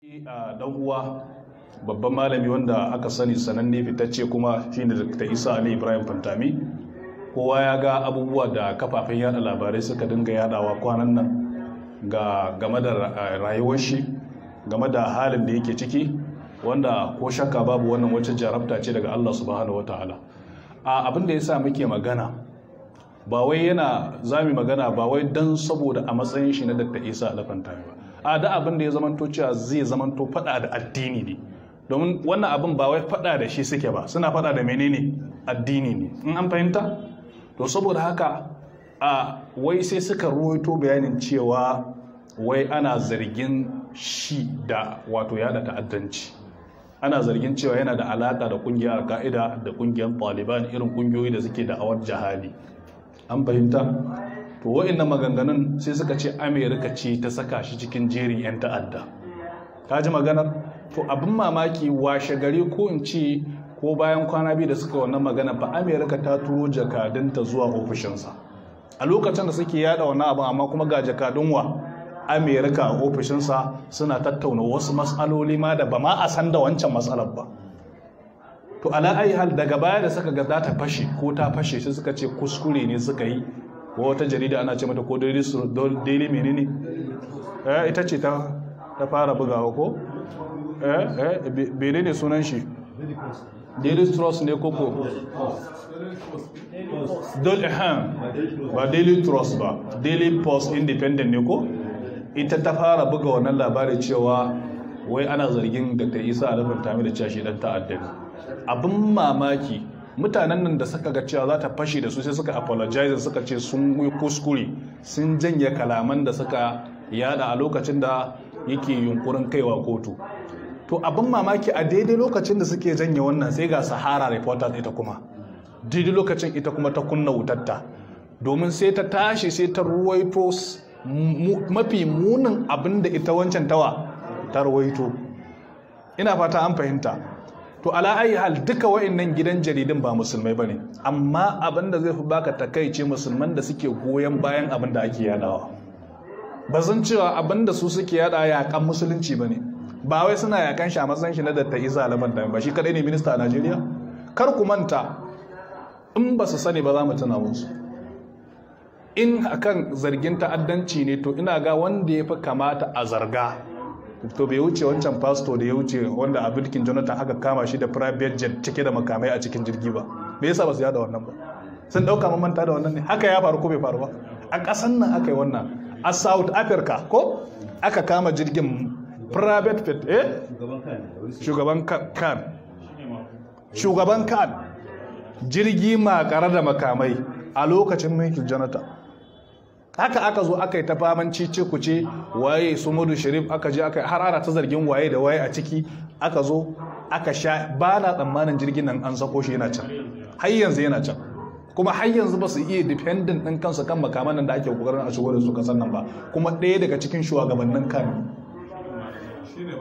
a dan uwa babban malami wanda aka sani sananne fitacce kuma shine da isa ali ibrahim fantami kowa ya ga abubuwa da kafafen yada labarai suka dinga yadawa kwanan nan ga game da rayuwar shi game da halin da yake ciki wanda ko shakka babu wannan wacce jarabta ce daga allah subhanahu Ta'ala. a abin da ya sa muke magana ba wai yana zami magana ba wai don saboda a matsayin shi na dakta isa fantami ba a da abin da ya zamanto cewa zai zamanto faɗa da addini ne domin wannan abin ba wai faɗa da shi suke ba suna faɗa da menene addini ne in an fahimta to saboda haka a wai sai suka ruwaito bayanin cewa wai ana zargin shi da wato yada ta'addanci ana zargin cewa yana da alaka da kungiyar ka'ida da kungiyar taliban irin kungiyoyi da suke da awar jahali an fahimta to na maganganun sai suka ce amerika ce ta saka shi cikin jerin 'yan ta'adda ta ji maganar to abin mamaki washe gari ko in ce ko bayan kwana biyu da suka wannan magana ba amerika ta turo jakadunta zuwa ofishinsa a lokacin da suke yada wani abin amma kuma ga jakadun wa amerika a ofishinsa suna tattauna wasu matsaloli ma da ba ma a san da wancan matsalar ba to ala hal daga baya da suka ga za ta fashe ko ta fashe sai suka ce kuskure ne suka yi ko wata jarida ana ce mata ko daily menene eh ita ce ta ta fara bugawa ko eh eh bene ne sunan shi daily trust ne koko daily post ba daily trust ba daily post independent ne ko ita ta fara buga wannan labarin cewa wai ana zargin da ta isa alifin tamir da cashe dan ta'addani abin mamaki mutanen nan da suka ga cewa za ta fashe da su sai suka apologize suka ce sun yi kuskure sun janye kalaman da suka yada a lokacin da yake yunkurin kaiwa kotu to abin mamaki a daidai lokacin da suke janye wannan sai ga sahara reporters ita kuma daidai lokacin ita kuma ta kunna wutarta domin sai ta tashi sai ta ruwaito mafi munin abin da ita wancan tawa ta ruwaito ina fata an fahimta to ala ayi hal duka wa'annan gidan jaridun ba musulmai bane amma abin da zai fi baka takaice musulman da suke goyon bayan abin da ake yadawa ba zan cewa abin da su suke yada yakan musulunci bane ba wai suna yakan shi a matsayin shi na datta isa alaman da ba shi kadai ne minista a Najeriya kar ku manta in ba su sani ba za mu tuna musu in akan zargin ta'addanci ne to ina ga wanda ya fi kamata a zarga to bai wuce wancan pastor da ya wuce wanda a bilkin jonathan aka kama shi da private jet cike da makamai a cikin jirgi ba me yasa ba su yada wannan ba sun dauka mamanta da wannan ne haka ya faru ko bai faru ba a kasan nan aka yi wannan a south africa ko aka kama jirgin private jet eh shugaban kan shugaban kan jirgi makare da makamai a lokacin michael jonathan haka aka zo aka yi ta faman cice kuce waye su mudu shirif aka je aka har ana ta zargin waye da waye a ciki aka zo aka sha ba na tsammanin jirgin nan an sako shi yana can har yanzu yana can kuma har yanzu ba su iya dependent din kansu kan makaman nan da ake kokarin a shigo da su kasan nan ba kuma ɗaya daga cikin shugabannin kan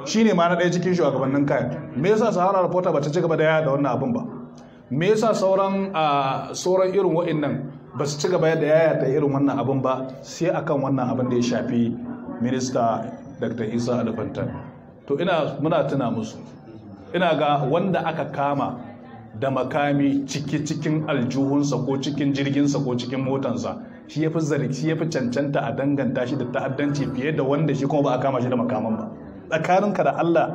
shine ma na ɗaya cikin shugabannin kan me yasa sahara reporter ba ta ci gaba da da wannan abin ba me yasa sauran ah, sauran irin wa'annan ba su ci gaba da yayata irin wannan abin ba sai akan wannan abin da ya shafi minista dr isa alifantar to ina muna tuna musu ina ga wanda aka kama da makami ciki cikin aljuhunsa ko cikin jirginsa ko cikin motansa shi ya fi zargi shi ya fi cancanta a danganta shi da ta'addanci fiye da wanda shi kuma ba a kama shi da makaman ba tsakaninka da allah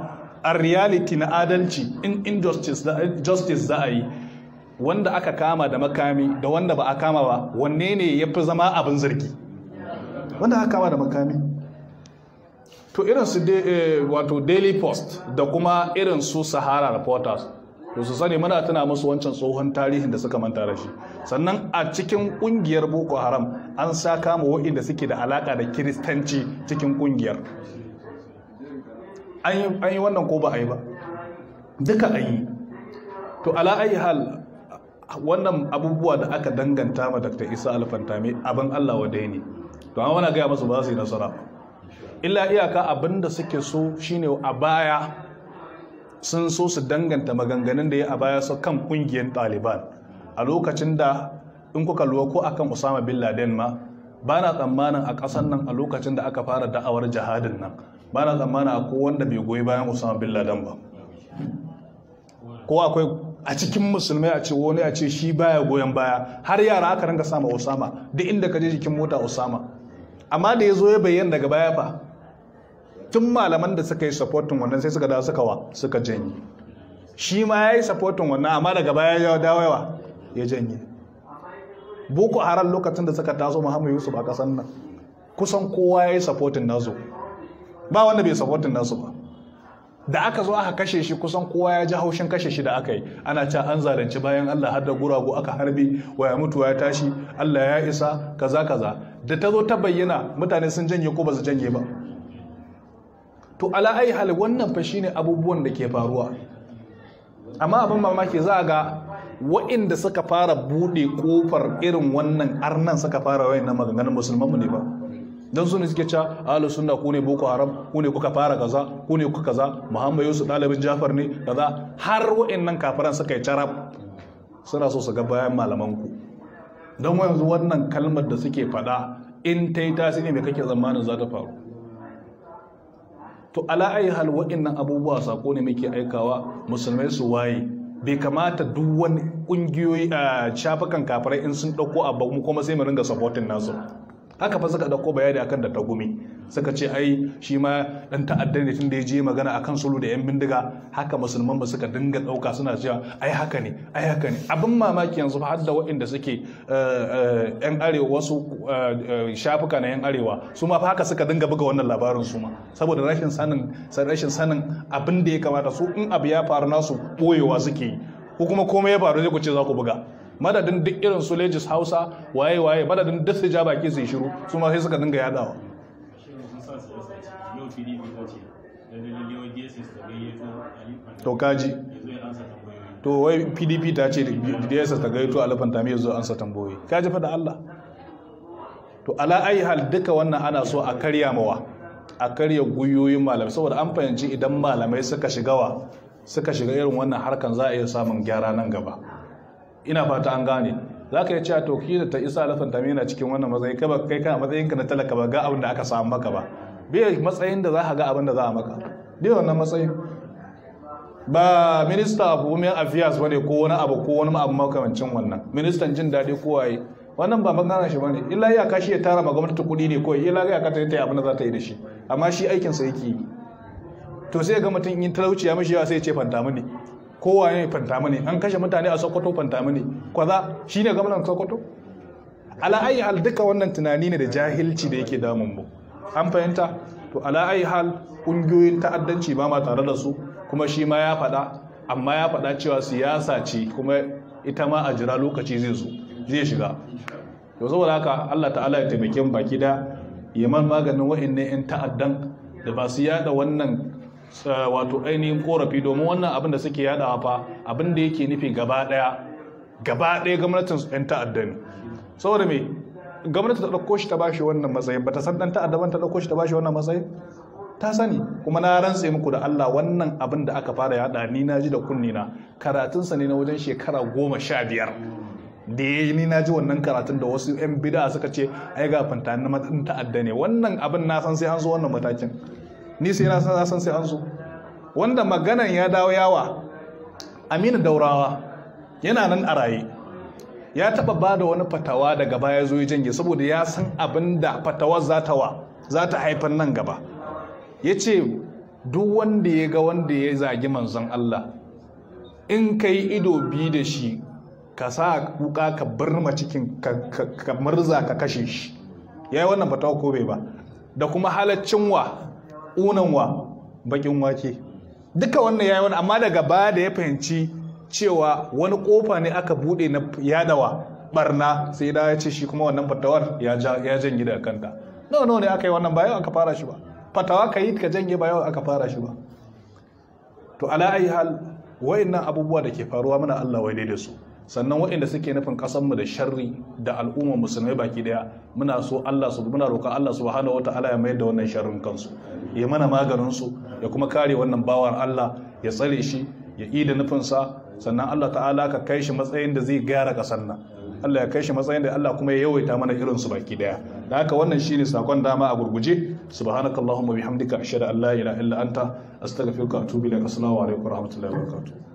a reality na adalci in injustice za a yi wanda aka kama da makami da wanda ba a kama ba wanne ne ya fi zama abin zargi wanda aka kama da makami to irin su eh, wato daily post da kuma irin su sahara reporters to su sani muna tuna musu wancan tsohon tarihin da suka manta da shi sannan a cikin kungiyar boko haram an sa kama waɗanda suke da alaka da kiristanci cikin kungiyar an yi wannan ko ba a yi ba duka an yi to ala ayi hal wannan abubuwa da aka danganta ma Dr. Isa Alfantami abin Allah wa ne to amma muna gaya masu ba su yi nasara illa iyaka abin da suke so shine a baya sun so su danganta maganganun da ya a baya su kan kungiyar Taliban a lokacin da in kuka luwa ko akan Usama bin Laden ma ba na tsammanin a ƙasan nan a lokacin da aka fara da'awar jihadin nan ba na tsammanin a wanda bai goyi bayan Usama bin Laden ba ko akwai a cikin musulmai a ce wani a ce shi baya goyon baya har yara aka rinka sama Osama Da inda ka je jikin mota Osama amma da ya zo ya bayyana daga baya fa tun malaman da suka yi supportin wannan sai suka dawo suka wa suka janye shi ma ya yi supportin wannan amma daga baya ya dawo ya janye boko haram lokacin da suka taso Muhammad Yusuf a kasan nan kusan kowa ya yi supportin nazo ba wanda bai supportin nasu ba da aka zo aka kashe shi kusan kowa ya ji haushin kashe shi da aka yi ana ca an zalunci bayan Allah har da guragu aka harbe, waya mutuwa ya tashi Allah ya isa kaza kaza da ta zo ta bayyana mutane sun janye ko ba su janye ba to ala ai hal wannan fa shine abubuwan da ke faruwa amma abin mamaki za ga waɗanda suka fara buɗe kofar irin wannan arnan suka fara wayan na maganganun mu ne ba don su ne suke ca ahlus sunna kune boko haram ku kuka fara kaza ku ne kuka kaza muhammad yusuf dalibin jafar ne kaza har wa'annan kafiran suka yi carab suna so su ga bayan malaman ku don yanzu wannan kalmar da suke faɗa in ta yi tasiri mai kake zamanin za ta faru to ayi hal wa'annan abubuwa sako ne muke aikawa musulmai su waye bai kamata duk wani ƙungiyoyi a shafukan kafirai in sun ɗauko abu kuma sai mu ringa supporting nasu haka fa suka dauko bayani akan da tagumi suka ce ai shi ma dan ta'adda ne tun da ya je magana akan sulu da yan bindiga haka musulman ba suka dinga dauka suna cewa ai haka ne ai haka ne abin mamaki yanzu fa har da waɗanda suke eh, eh, yan arewa wasu eh, shafuka na yan arewa su ma fa haka suka dinga buga wannan labarin su ma saboda rashin sanin rashin sanin abin da ya kamata su in abu ya faru nasu boyewa suke yi ko kuma komai ya faru zai ku ce za ku buga madadin duk irin su lejis hausa waye waye madadin duk su ja baki su shiru su ma sai suka dinga yadawa to kaji to wai pdp ta ce dss ta gaito alifan tami yanzu ansa tamboyi kaji fada allah to ala ayi hal duka wannan ana so a karya mawa a karya guyoyin malamai saboda an fahimci idan malamai suka shiga wa suka shiga irin wannan harkan za a iya samun gyara nan gaba ina fata an gane za ka yi cewa to ki da ta isa alafan tamina cikin wannan matsayi kai kai kana matsayin ka na talaka ba ga abin da aka samu maka ba bai matsayin da za ka ga abin da za a maka dai wannan matsayin ba minista of women affairs bane ko wani abu ko wani abu makamancin wannan ministan jin daɗi ko waye wannan ba magana shi bane illa ya kashi ya tara ma gwamnati kuɗi ne kawai illa ya kata ta yi abin da za ta yi da shi amma shi aikin sa yake to sai ga mutum in talauci ya mishi yawa sai ya ce fanta mini kowa ne fanta mani, an kashe mutane a sokoto fantama kwa kwaza shi ne gwamnan sokoto ala'ayi hal duka wannan tunani ne da jahilci da yake damun mu an fahimta to ala'ayi hal ƙungiyoyin ta'addanci ba ma tare da su kuma shi ma ya faɗa amma ya faɗa cewa siyasa ce kuma ita ma a jira lokaci zai zo zai shiga to saboda haka Allah ta'ala ya taimake mu baki da yaman maganin wa'annan 'yan ta'addan da ba su yada wannan wato ainihin korafi domin wannan abin da suke yada fa abin da yake nufi gaba daya gaba daya gwamnatin su yan ta'adda ne saboda me gwamnati ta dauko shi ta bashi wannan matsayin bata san dan ta'adda ban ta dauko shi ta bashi wannan matsayin ta sani kuma na rantse muku da Allah wannan abin da aka fara yada ni na ji da kunni na karatun sa ne na wajen shekara goma sha biyar da ya ni na ji wannan karatun da wasu yan bida suka ce ai ga fanta na ta'adda ne wannan abin na san sai an zo wannan matakin ni sai na san sai an zo wanda maganan ya dawo yawa aminu daurawa yana nan a raye ya taba bada wani fatawa daga baya zo ya jange saboda ya san abin da fatawar za ta haifar nan gaba ya ce duk wanda ya ga wanda ya zagi manzon Allah in ka yi ido bi da shi ka sa kuka ka birma cikin ka murza ka kashe shi ya yi wannan fatawa ko bai ba da kuma halaccin wa unan wa bakin wake duka wannan yayi wani amma daga baya da ya fahimci cewa wani kofa ne aka bude na yadawa barna sai da ya ce shi kuma wannan fatawar ya janye daga kanta no no ne aka yi wannan bayan aka fara shi ba fatawa ka yi ka janye bayan aka fara shi ba to ala ayi hal wa'annan abubuwa da ke faruwa mana Allah wai da su sannan waɗanda suke nufin mu da sharri da al'ummar musulmai baki daya muna so Allah su muna roƙa Allah subhanahu wataala ya mayar da wannan sharrin kansu ya mana maganin su ya kuma kare wannan bawan Allah ya tsare shi ya ida da nufinsa sannan Allah ta'ala ka kai shi matsayin da zai gyara ƙasar nan Allah ya kai shi matsayin da Allah kuma ya yawaita mana irin su baki daya da haka wannan shi ne sakon dama a gurguje subhanakallahumma bihamdika ashhadu an la ilaha illa anta astaghfiruka wa atubu ilaik assalamu alaikum wa rahmatullahi wa barakatuh